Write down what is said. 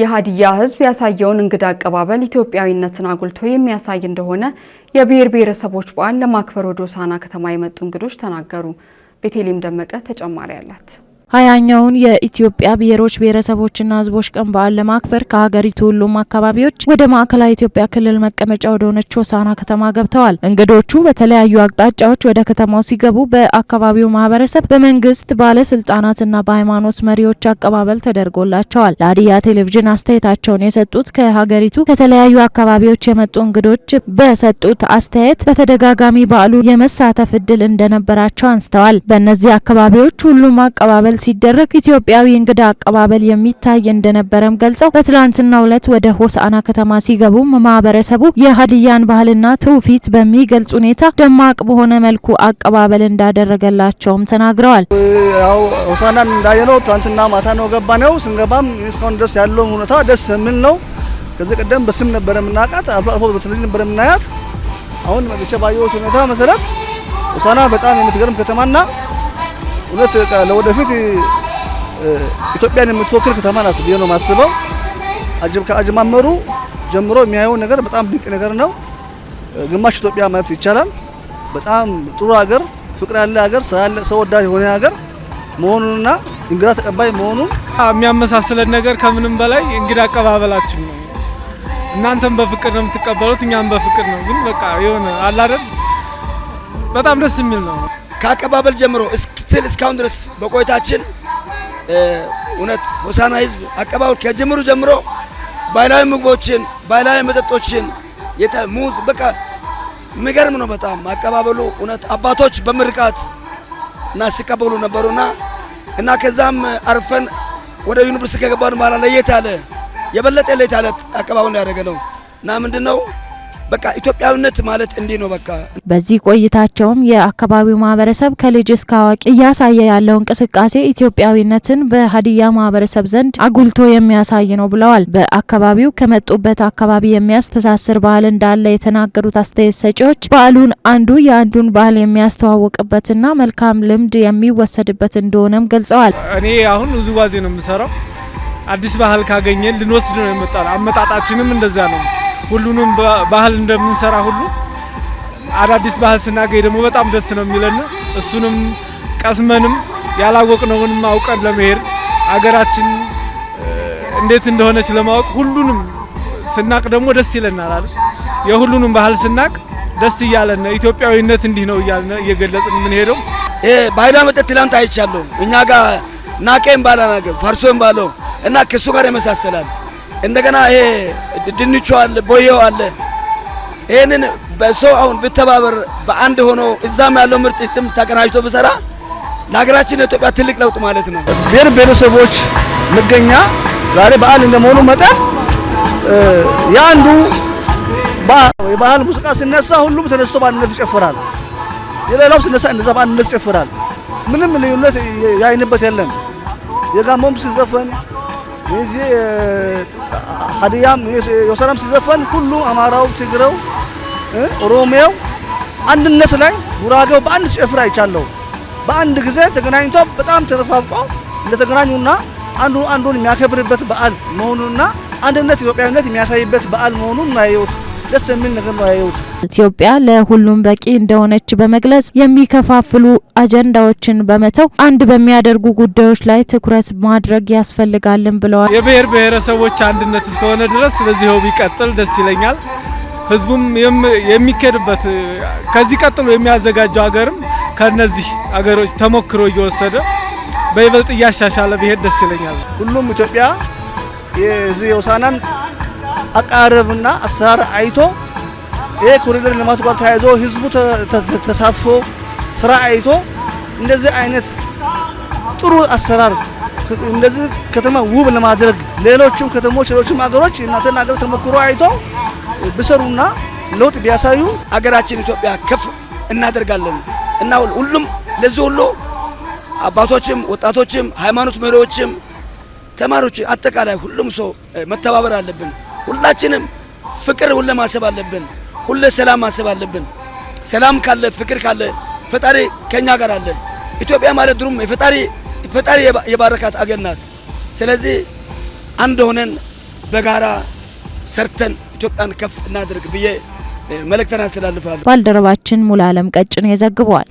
የሀዲያ ህዝብ ያሳየውን እንግዳ አቀባበል ኢትዮጵያዊነትን አጉልቶ የሚያሳይ እንደሆነ የብሔር ብሔረሰቦች በዓል ለማክበር ወደ ሆሳዕና ከተማ የመጡ እንግዶች ተናገሩ። ቤቴሌም ደመቀ ተጨማሪ አላት። ሀያኛውን የኢትዮጵያ ብሔሮች ብሔረሰቦችና ህዝቦች ቀን በዓል ለማክበር ከሀገሪቱ ሁሉም አካባቢዎች ወደ ማዕከላዊ ኢትዮጵያ ክልል መቀመጫ ወደ ሆነች ሆሳና ከተማ ገብተዋል። እንግዶቹ በተለያዩ አቅጣጫዎች ወደ ከተማው ሲገቡ በአካባቢው ማህበረሰብ፣ በመንግስት ባለስልጣናትና በሃይማኖት መሪዎች አቀባበል ተደርጎላቸዋል። ለሀዲያ ቴሌቪዥን አስተያየታቸውን የሰጡት ከሀገሪቱ ከተለያዩ አካባቢዎች የመጡ እንግዶች በሰጡት አስተያየት በተደጋጋሚ በዓሉ የመሳተፍ እድል እንደነበራቸው አንስተዋል። በእነዚህ አካባቢዎች ሁሉም አቀባበል ሲደረግ ኢትዮጵያዊ እንግዳ አቀባበል የሚታይ እንደነበረም ገልጸው በትላንትናው ዕለት ወደ ሆሳአና ከተማ ሲገቡም ማህበረሰቡ የሀዲያን ባህልና ትውፊት በሚገልጽ ሁኔታ ደማቅ በሆነ መልኩ አቀባበል እንዳደረገላቸውም ተናግረዋል። ያው ሆሳናን እንዳየነው ትላንትና ማታ ነው ገባ ነው። ስንገባም እስካሁን ድረስ ያለው ሁኔታ ደስ የሚል ነው። ከዚህ ቀደም በስም ነበረ የምናውቃት አብሮ በተለይ ነበረ የምናያት አሁን መጥቼ ባየሁት ሁኔታ መሰረት ሆሳና በጣም የምትገርም ከተማና እውነት ለወደፊት ኢትዮጵያን የምትወክል ከተማ ናት ብዬ ነው የማስበው። ከአጀማመሩ ጀምሮ የሚያየው ነገር በጣም ድንቅ ነገር ነው። ግማሽ ኢትዮጵያ ማለት ይቻላል። በጣም ጥሩ ሀገር፣ ፍቅር ያለ ሀገር፣ ሰው ወዳድ የሆነ ሀገር መሆኑንና እንግዳ ተቀባይ መሆኑን የሚያመሳስለን ነገር ከምንም በላይ እንግዳ አቀባበላችን ነው። እናንተም በፍቅር ነው የምትቀበሉት፣ እኛም በፍቅር ነው። ግን በቃ የሆነ አላደል በጣም ደስ የሚል ነው። ከአቀባበል ጀምሮ እስክትል እስካሁን ድረስ በቆይታችን እውነት ሆሳና ህዝብ አቀባበል ከጅምሩ ጀምሮ ባህላዊ ምግቦችን፣ ባህላዊ መጠጦችን ሙዝ በቃ የሚገርም ነው። በጣም አቀባበሉ እውነት አባቶች በምርቃት እና ሲቀበሉ ነበሩና እና ከዛም አርፈን ወደ ዩኒቨርስቲ ከገባን በኋላ ለየት ያለ የበለጠ ለየት ያለ አቀባበል ያደረገ ነው እና ምንድን ነው በቃ ኢትዮጵያዊነት ማለት እንዲህ ነው። በቃ በዚህ ቆይታቸውም የአካባቢው ማህበረሰብ ከልጅ እስከ አዋቂ እያሳየ ያለው እንቅስቃሴ ኢትዮጵያዊነትን በሀዲያ ማህበረሰብ ዘንድ አጉልቶ የሚያሳይ ነው ብለዋል። በአካባቢው ከመጡበት አካባቢ የሚያስተሳስር ባህል እንዳለ የተናገሩት አስተያየት ሰጪዎች በዓሉን አንዱ የአንዱን ባህል የሚያስተዋውቅበትና መልካም ልምድ የሚወሰድበት እንደሆነም ገልጸዋል። እኔ አሁን ውዝዋዜ ነው የምሰራው። አዲስ ባህል ካገኘን ልንወስድ ነው የመጣ አመጣጣችንም እንደዚያ ነው ሁሉንም ባህል እንደምንሰራ ሁሉ አዳዲስ ባህል ስናገኝ ደግሞ በጣም ደስ ነው የሚለን። እሱንም ቀስመንም ያላወቅነውንም አውቀን ለመሄድ አገራችን እንዴት እንደሆነች ለማወቅ ሁሉንም ስናቅ ደግሞ ደስ ይለናል አይደል? የሁሉንም ባህል ስናቅ ደስ እያለን ኢትዮጵያዊነት እንዲህ ነው እያልን እየገለጽን የምንሄደው። ባህላ መጠጥ ትላንት አይቻለሁ እኛ ጋር ናቄ ባላ ነገር ፈርሶ ባለው እና ከሱ ጋር ይመሳሰላል። እንደገና ይሄ ድንቹ አለ፣ ቦየው አለ። ይህንን በሰው አሁን ብተባበር በአንድ ሆኖ እዛም ያለው ምርጥ ስም ተቀናጅቶ ብሰራ ለሀገራችን ኢትዮጵያ ትልቅ ለውጥ ማለት ነው። ብሔር ብሔረሰቦች መገኛ ዛሬ በዓል እንደመሆኑ መጠን የአንዱ የባህል ሙዚቃ ሲነሳ ሁሉም ተነስቶ በአንድነት ይጨፍራል። የሌላው ሲነሳ እንደዛ በአንድነት ይጨፍራል። ምንም ልዩነት ያይንበት የለም። የጋሞም ሲዘፈን የዚህ ሀዲያም የሰላም ሲዘፈን ሁሉ አማራው፣ ትግረው፣ ኦሮሚያው አንድነት ላይ ጉራጌው በአንድ ሲጨፍር አይቻለሁ። በአንድ ጊዜ ተገናኝቶ በጣም ተረፋፍቆ እንደተገናኙና አንዱ አንዱን የሚያከብርበት በዓል መሆኑና አንድነት ኢትዮጵያዊነት የሚያሳይበት በዓል መሆኑን ናየሁት። ደስ የሚል ነገር ነው ያየሁት። ኢትዮጵያ ለሁሉም በቂ እንደሆነች በመግለጽ የሚከፋፍሉ አጀንዳዎችን በመተው አንድ በሚያደርጉ ጉዳዮች ላይ ትኩረት ማድረግ ያስፈልጋልን ብለዋል። የብሔር ብሔረሰቦች አንድነት እስከሆነ ድረስ በዚህው ቢቀጥል ደስ ይለኛል። ህዝቡም የሚኬድበት ከዚህ ቀጥሎ የሚያዘጋጀው ሀገርም ከነዚህ ሀገሮች ተሞክሮ እየወሰደ በይበልጥ እያሻሻለ ብሄድ ደስ ይለኛል። ሁሉም ኢትዮጵያ የዚህ የውሳናን አቃረብና አሰራር አይቶ ይህ ኮሪደር ልማቱ ጋር ተያይዞ ህዝቡ ተሳትፎ ስራ አይቶ እንደዚህ አይነት ጥሩ አሰራር እንደዚህ ከተማ ውብ ለማድረግ ሌሎችም ከተሞች ሌሎችም ሀገሮች እናንተን ሀገር ተሞክሮ አይቶ ቢሰሩና ለውጥ ቢያሳዩ አገራችን ኢትዮጵያ ከፍ እናደርጋለን እና ሁሉም ለዚህ ሁሉ አባቶችም፣ ወጣቶችም፣ ሃይማኖት መሪዎችም፣ ተማሪዎች አጠቃላይ ሁሉም ሰው መተባበር አለብን። ሁላችንም ፍቅር ሁለ ማሰብ አለብን። ሁለ ሰላም ማሰብ አለብን። ሰላም ካለ ፍቅር ካለ ፈጣሪ ከኛ ጋር አለ። ኢትዮጵያ ማለት ድሩም የፈጣሪ ፈጣሪ የባረካት አገር ናት። ስለዚህ አንድ ሆነን በጋራ ሰርተን ኢትዮጵያን ከፍ እናድርግ ብዬ መልእክተን አስተላልፋለሁ። ባልደረባችን ሙሉ አለም ቀጭን የዘግበዋል።